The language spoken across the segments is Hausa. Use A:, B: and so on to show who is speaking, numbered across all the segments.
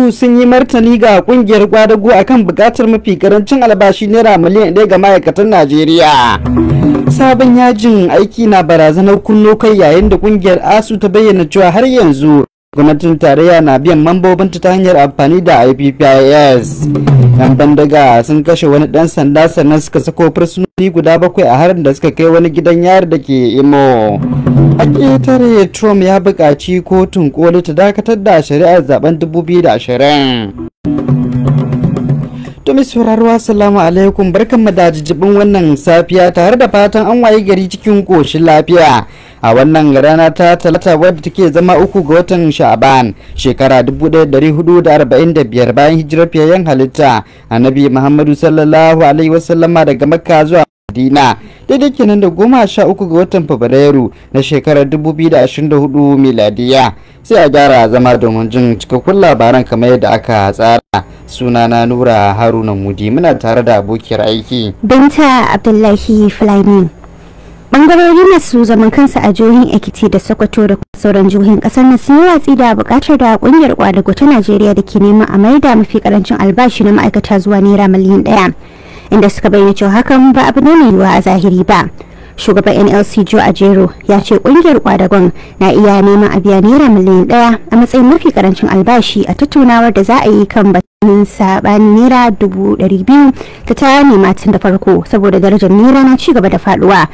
A: hudu sun yi martani ga kungiyar gwadago akan bukatar mafi karancin albashi naira miliyan ɗaya ga ma'aikatan najeriya sabon yajin aiki na barazanar kunno kai yayin da kungiyar asu ta bayyana cewa har yanzu gwamnatin tarayya na biyan mambobinta ta hanyar amfani da ippis yan bandaga sun kashe wani dan sanda sannan suka sako fursunoni guda bakwai a harin da suka kai wani gidan yari da ke imo a ƙetare trump ya buƙaci kotun koli ta dakatar da shari'ar zaben 2020 Tumi sauraruwa salamu alaikum barkan mu da wannan safiya tare da fatan an waye gari cikin koshin lafiya a wannan rana ta talata wadda take zama uku ga watan sha'aban shekara 1445 bayan hijirar fiyayyen halitta annabi muhammadu sallallahu alaihi wasallama daga makka zuwa madina daidai kenan da goma sha uku ga watan fabrairu na shekarar 2024 miladiya sai a gyara zama domin jin cikakkun labaran kamar yadda aka tsara sunana nura haruna mudi muna tare da abokiyar aiki
B: binta abdullahi flamin bangarori masu zaman kansa a jihohin ekiti da sokoto da sauran jihohin kasar na sun yi watsi da bukatar da kungiyar kwadago ta najeriya da ke neman a maida mafi karancin albashi na ma'aikata zuwa naira miliyan daya inda suka bayyana cewa hakan ba abu ne mai yiwuwa a zahiri ba shugaban nlc joe ajero ya ce kungiyar kwadagon na iya neman a biya naira miliyan daya a matsayin mafi karancin albashi a tattaunawar da za a yi kan batun saban naira dubu dari biyu ta ta nema tun da farko saboda darajar naira na ci gaba da faduwa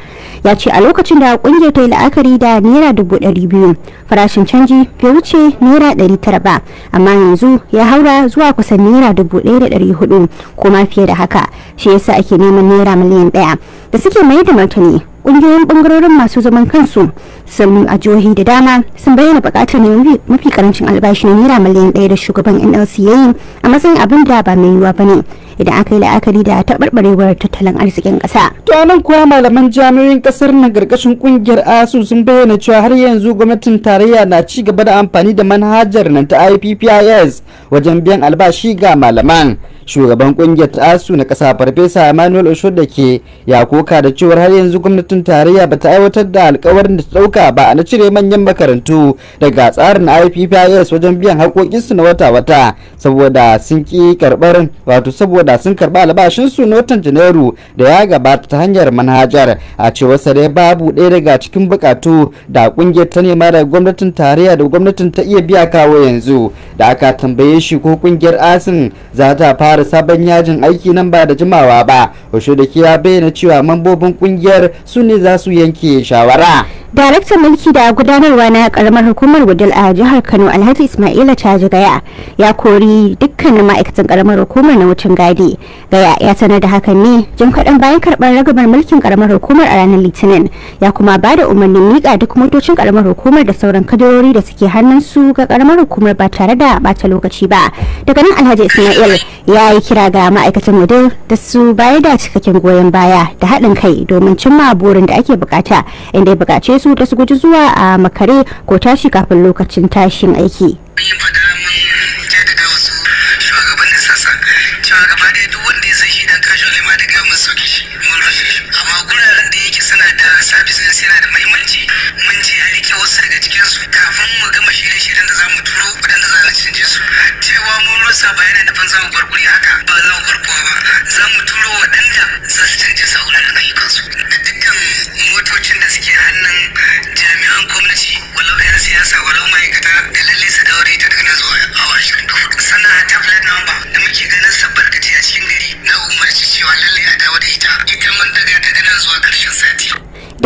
B: ya ce a lokacin da kungiyar ta yi la'akari da naira dubu dari biyu farashin canji bai wuce naira dari tara ba amma yanzu ya haura zuwa kusan naira dubu ɗaya da dari hudu ko ma fiye da haka shi yasa ake neman naira miliyan daya da suke mai da martani kungiyoyin bangarorin masu zaman kansu sannu a jihohi da dama sun bayyana bukatar ne mafi karancin albashi na naira miliyan ɗaya da shugaban nlc ya yi a matsayin abin da ba mai yiwuwa ba ne idan aka yi la'akari da taɓarɓarewar tattalin
A: arzikin ƙasa. to nan kuwa malaman jami'in ƙasar na gargashin ƙungiyar asu sun bayyana cewa har yanzu gwamnatin tarayya na ci gaba da amfani da manhajar nan ta ippis wajen biyan albashi ga malaman shugaban kungiyar asu na kasa farfesa emmanuel osho da ke ya koka da cewa har yanzu gwamnatin tarayya bata aiwatar da alkawarin da ta dauka ba na cire manyan makarantu daga tsarin ippis wajen biyan su na wata-wata saboda sun ki karbar wato saboda sun karba albashin su na watan janairu da ya gabata ta hanyar manhajar a cewar dai babu ɗaya daga cikin bukatu da kungiyar ta nema daga gwamnatin tarayya da gwamnatin ta iya biya kawo yanzu da aka tambaye shi ko kungiyar asin za ta fara da sabon yajin aiki nan ba da jimawa ba da ya bayyana cewa mambobin kungiyar su ne za su yanke shawara daraktan mulki
B: da gudanarwa na karamar hukumar gudul a jihar kano alhaji ismaila caji gaya ya kori dukkanin ma'aikatan karamar hukumar na wucin gadi gaya ya sanar da hakan ne jim kaɗan bayan karɓar ragamar mulkin karamar hukumar a ranar litinin ya kuma ba da umarnin miƙa duk motocin karamar hukumar da sauran kadarori da suke hannun su ga karamar hukumar ba tare da bata lokaci ba daga nan alhaji ismail ya ya yi kira ga ma'aikatan wado da su bayar da cikakken goyon baya da haɗin kai domin cimma burin da ake bukata inda ya bukace su da su guji zuwa a makare ko tashi kafin lokacin tashin aiki.
A: sa ba da nufin za mu bar guri haka ba za mu bar kowa ba za mu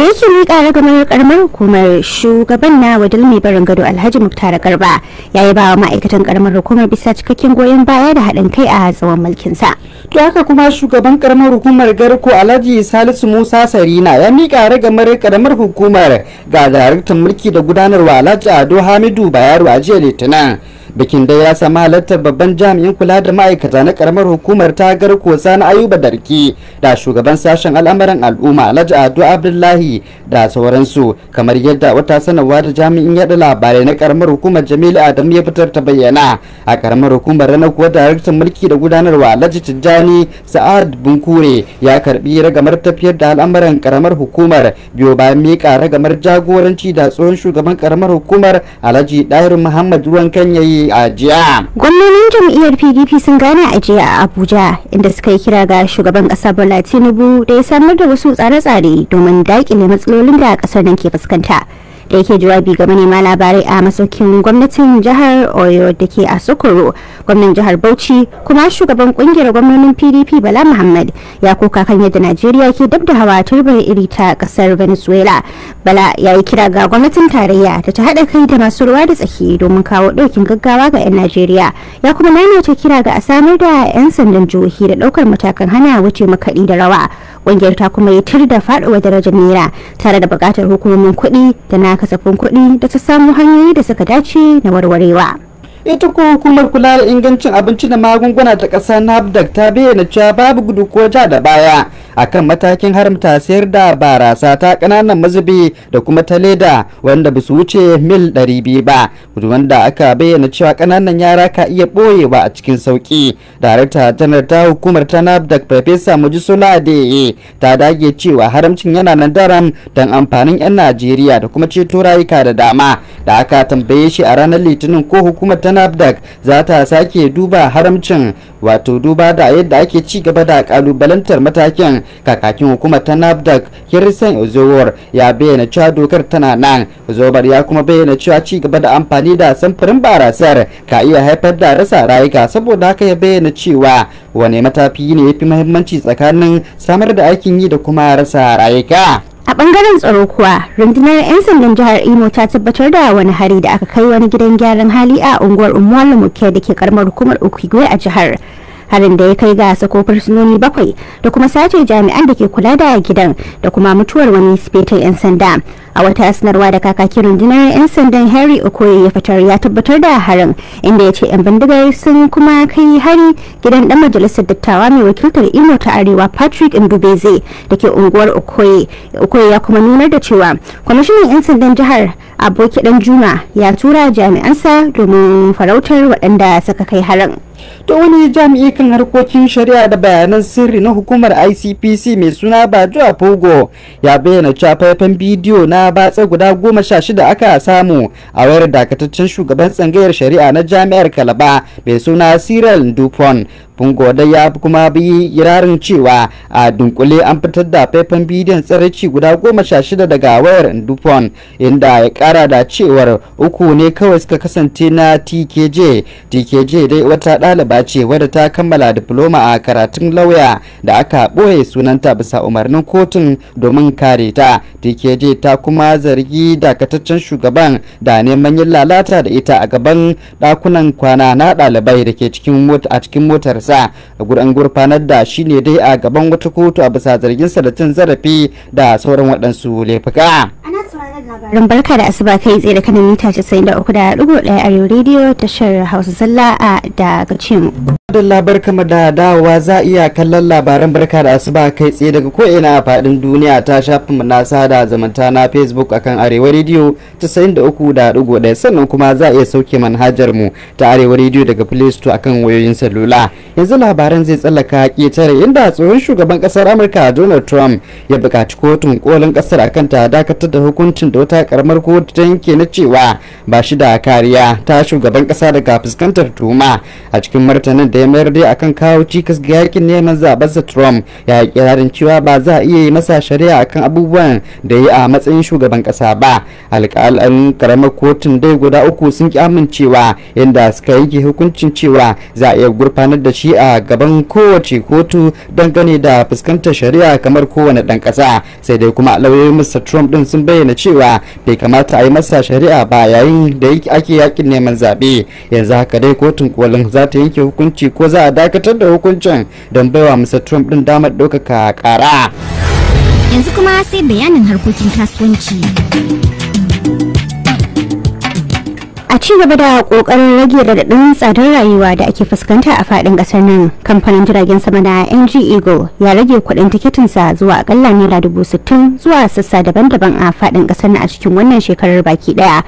B: yake miƙa ragamar karamar hukumar shugaban na wadal mai barin gado alhaji muktar garba ya yi bawa ma'aikatan karamar hukumar bisa
A: cikakken goyon baya da haɗin kai a tsawon mulkinsa to haka kuma shugaban karamar hukumar garko alhaji salisu musa sarina ya miƙa ragamar karamar hukumar ga daraktan mulki da gudanarwa alhaji ado hamidu bayaru a jiya litinin bikin dai ya sami halartar babban jami'in kula da ma'aikata na karamar hukumar ta kosa na ayuba darki da shugaban sashen alamarin al'umma alhaji ado abdullahi da sauransu kamar yadda wata sanarwa da jami'in yada labarai na karamar hukumar jamilu adamu ya fitar ta bayyana a karamar hukumar ranar kuwa daraktan mulki da gudanarwa alhaji tijjani sa'ad bunkure ya karbi ragamar tafiyar da alamarin karamar hukumar biyo bayan miƙa ragamar jagoranci da tsohon shugaban karamar hukumar alhaji dahir muhammad ruwan yayi. a jiya. Gwamnonin
B: jam'iyyar PDP sun gane a jiya a Abuja inda suka yi kira ga shugaban kasa Bola Tinubu da ya samar da wasu tsare-tsare domin daƙile matsalolin da ƙasar nan ke fuskanta. da yake jawabi ga manema labarai a masaukin gwamnatin jihar oyo da ke a sokoro gwamnan jihar bauchi kuma shugaban kungiyar gwamnonin pdp bala muhammad ya koka kan yadda najeriya ke dab da hawa turbar iri ta kasar venezuela bala ya yi kira ga gwamnatin tarayya da ta haɗa kai da masu ruwa da tsaki domin kawo ɗaukin gaggawa ga 'yan najeriya ya kuma nanata kira ga a samar da 'yan sandan jihohi da ɗaukar matakan hana wuce makaɗi da rawa kungiyar ta kuma yi tir da faduwa darajar naira tare da bukatar hukumomin kuɗi da na kasafin
A: kuɗi da ta samu hanyoyi da suka dace na warwarewa ita ko hukumar kula da ingancin abinci da magunguna ta ƙasa nafdac ta bayyana cewa babu gudu ko ja da baya akan matakin haramta sayar da barasa ta kananan mazubi da kuma ta leda wanda bisu wuce mil 200 ba wanda aka bayyana cewa ƙananan yara ka iya ɓoyewa a cikin sauƙi darakta janar ta hukumar ta nafdac farfesa mujisola adeye ta dage cewa haramcin yana nan daram don amfanin 'yan najeriya da kuma ceto rayuka da dama da aka tambaye shi a ranar litinin ko hukumar ta nafdac za ta sake duba haramcin wato duba da yadda ake ci gaba da kalubalantar matakin kakakin hukumar ta nafdac kirisan ozowar ya bayyana cewa dokar tana nan ozowar ya kuma bayyana cewa ci gaba da amfani da samfurin barasar ka iya haifar da rasa rayuka saboda haka ya bayyana cewa wane matafi ne ya fi muhimmanci tsakanin samar da aikin yi da kuma rasa rayuka
B: bangaren tsaro kuwa rundunar 'yan sandan jihar imo ta tabbatar da wani hari da aka kai wani gidan gyaran hali a unguwar umuwar lamuke da ke karamar hukumar okigwe a jihar harin da ya kai ga sako fursunoni bakwai da kuma sace jami'an da ke kula da gidan da kuma mutuwar wani sifetan 'yan sanda a wata sanarwa da kakakin rundunar 'yan sandan harry okoye ya fitar ya tabbatar da harin inda ya ce 'yan bindigar sun kuma kai hari gidan dan majalisar dattawa mai wakiltar imo ta arewa patrick ndubeze da ke unguwar okoye okoye ya kuma nunar da cewa kwamishinan 'yan sandan jihar aboki dan juma ya tura jami'ansa domin farautar waɗanda suka kai harin
A: to wani jami'i kan harkokin shari'a da bayanan sirri na hukumar icpc mai suna bajo a ya bayyana cewa bidiyo na batsa guda goma sha shida aka samu a wayar dakataccen shugaban tsangayar shari'a na jami'ar kalaba mai suna cyril dupont fungo da ya kuma bi yirarin cewa a dunkule an fitar da faifan bidiyon tsaraci guda goma sha shida daga wayar dupont inda ya kara da cewar uku ne kawai suka kasance na tkj tkj dai wata ɗaliba ce wadda ta kammala diploma a karatun lauya da aka ɓoye sunanta bisa umarnin kotun domin kare ta dkj ta kuma zargi dakataccen shugaban da neman yin lalata da ita a gaban ɗakunan kwana na ɗalibai da ke a cikin motarsa a gudan gurfanar da shi ne dai a gaban wata kotu a bisa zarginsa da cin zarafi da sauran waɗansu laifuka. ran barka da
B: asuba kai tsaye da kanin mita 93.1 arewa rediyo tashar hausa zalla a daga cin
A: Adalla barkama da dawowa za iya kallon labaran barka da asuba kai tsaye daga ko'ina a fadin duniya ta shafinmu mu na sada zamanta na facebook akan arewa rediyo 93.1 sannan kuma za a iya sauke manhajar mu ta arewa rediyo daga play store akan wayoyin salula yanzu labaran zai tsallaka ketare inda tsohon shugaban ƙasar amurka donald trump ya buƙaci kotun ƙasar ƙasar akan ta dakatar da hukuncin da wata ta karamar kotu ta yanke na cewa ba shi da kariya ta shugaban kasa daga fuskantar tuhuma a cikin martanin da ya mayar dai akan kawo cikas ga yakin neman sa trump ya yi kirarin cewa ba za a iya yi masa shari'a akan abubuwan da ya a matsayin shugaban kasa ba alƙalan karamar kotun dai guda uku sun ki amincewa inda suka yanke hukuncin cewa za a iya gurfanar da shi a gaban kowace kotu dangane da fuskantar shari'a kamar kowane ɗan ƙasa sai dai kuma lauyoyin mr trump din sun bayyana cewa bai kamata a yi masa shari'a ba yayin da ake yakin neman zaɓe yanzu haka dai kotun kolin za ta yanke hukunci ko za a dakatar da hukuncin don baiwa mr trump din damar ɗaukaka ƙara
B: yanzu kuma sai bayanin harkokin kasuwanci a ci gaba da kokarin rage radadin tsadar rayuwa da ake fuskanta a fadin kasar nan kamfanin jiragen sama na ng eagle ya rage kudin tiketinsa zuwa akalla naira dubu sittin zuwa sassa daban-daban a fadin kasar na a cikin wannan shekarar baki daya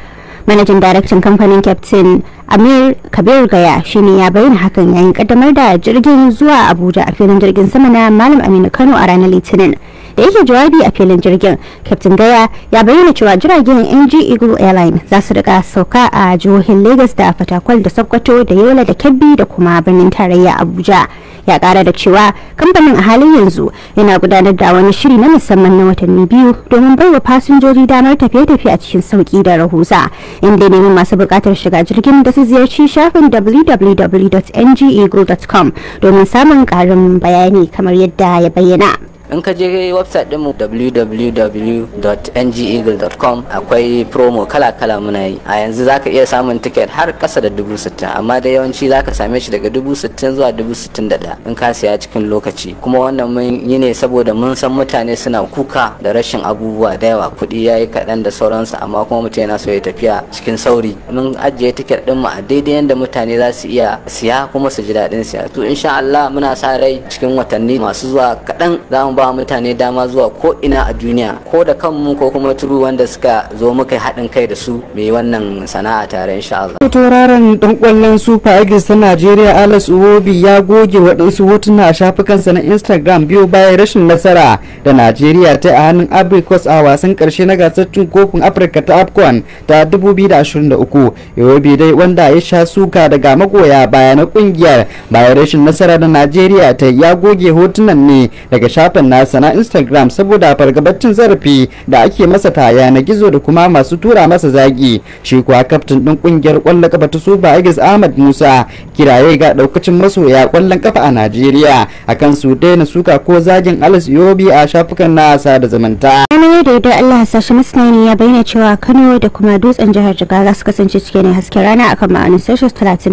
B: manajan daraktan kamfanin captain amir kabir gaya shine ya bayyana hakan yayin kaddamar da jirgin zuwa abuja a filin jirgin sama na malam aminu kano a ranar litinin da yake jawabi a filin jirgin captain gaya ya bayyana cewa jiragen ng eagle airline za su rika sauka a jihohin lagos da fatakwal da sokoto da yola da kebbi da kuma birnin tarayya abuja ya kara da cewa kamfanin a halin yanzu yana gudanar da wani shiri na musamman na watanni biyu domin baiwa fasinjoji damar tafiye-tafiye a cikin sauki da rahusa inda neman masu buƙatar shiga jirgin da su ziyarci shafin www.ngeagle.com domin samun karin bayani kamar yadda ya bayyana.
A: in ka je website dinmu www.ngeagle.com akwai promo kala-kala muna yi a yanzu za ka iya samun tiket har kasa da dubu sittin amma da yawanci za ka same shi daga dubu sittin zuwa dubu sittin da ɗaya in ka siya cikin lokaci kuma wannan mun yi ne saboda mun san mutane suna kuka da rashin abubuwa da yawa kuɗi ya yi kaɗan da sauransu amma kuma mutum yana so ya tafiya cikin sauri mun ajiye tiket mu a daidai yadda mutane za su iya siya kuma su ji daɗin siya to insha Allah muna sa rai cikin watanni masu zuwa kaɗan za mu ba mutane dama zuwa ko ina a duniya ko da kanmu ko kuma turu wanda suka zo muka haɗin kai da su mai wannan sana'a tare insha Allah. tauraron dan kwallon Super Eagles ta Najeriya Alex Uwobi ya goge waɗansu hotuna a shafukansa na Instagram biyu bayan rashin nasara da Najeriya ta a hannun Abricos a wasan karshe na gasar cin kofin Afirka ta AFCON ta 2023. Uwobi dai wanda ya sha suka daga magoya baya na ƙungiyar bayan rashin nasara da Najeriya ta ya goge hotunan ne daga shafin nasa na Instagram saboda fargabar zarafi da ake masa ta yanar gizo da kuma masu tura masa zagi shi kuwa kaftin din kungiyar kwallon kafa ta Super Eagles Ahmad Musa kiraye ga daukacin masoya kwallon kafa a Najeriya akan su daina suka ko zagin Alas Yobi a shafukan nasa da zamanta. Kamar da Allah sashi musnani ya bayyana cewa Kano da kuma
B: dutsen jihar Jigawa su kasance cike ne hasken rana akan ma'anin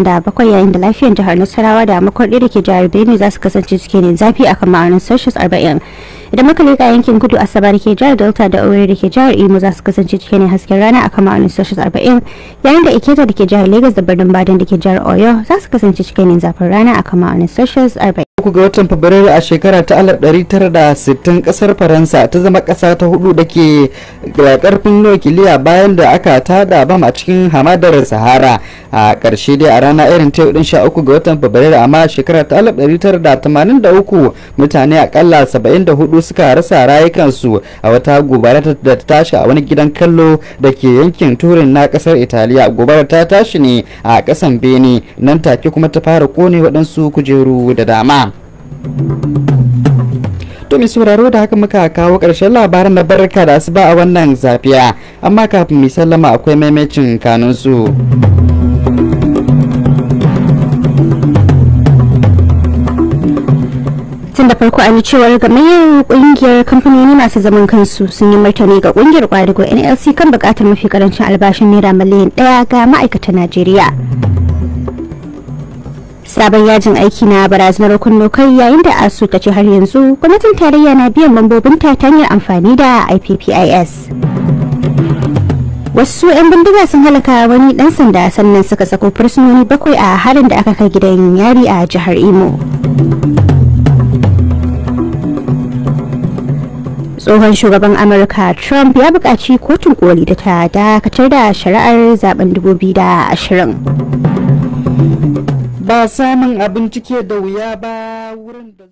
B: da 37 yayin da lafiyar jihar Nasarawa da makwarɗe da ke jihar Benue za su kasance cike ne zafi akan ma'anin Celsius 40 idan muka leka yankin kudu asabar da ke jihar delta da aure da ke jihar imo za su kasance cikin hasken rana a kama anin sashen arba'in yayin da iketa da ke jihar lagos da birnin badin da ke jihar oyo za su kasance cikin zafin rana a kama anin sashen arba'in
A: uku ga watan fabrairu a shekara ta 1960 kasar faransa ta zama kasa ta hudu da ke da karfin nukiliya bayan da aka tada bam a cikin hamadar sahara a karshe dai a rana irin ta din sha uku ga watan fabrairu amma shekara ta 1983 mutane akalla 74 suka rasa rayukansu a wata gobara da ta tashi a wani gidan kallo da ke yankin turin na kasar italiya gobara ta tashi ne a kasan beni nan take kuma ta fara kone waɗansu kujeru da dama To mai sauraro da haka muka kawo karshen labarin na barka da asuba a wannan zafiya amma kafin mu sallama akwai maimacin kanunsu. tun da farko a cewar gamayyar kungiyar
B: kamfanoni masu zaman kansu sun yi martani ga kungiyar kwadago nlc kan bukatar mafi karancin albashin naira miliyan daya ga ma'aikatan najeriya sabon yajin aiki na barazanar kunno kai yayin da asu ta ce har yanzu gwamnatin tarayya na biyan mambobin ta hanyar amfani da ippis wasu 'yan bindiga sun halaka wani dan sanda sannan suka sako fursunoni bakwai a harin da aka kai gidan yari a jihar imo tsohon shugaban amurka trump ya buƙaci kotun koli da ta dakatar da shari'ar zaben 2020
A: ba samun abinci ke da wuya ba wurin da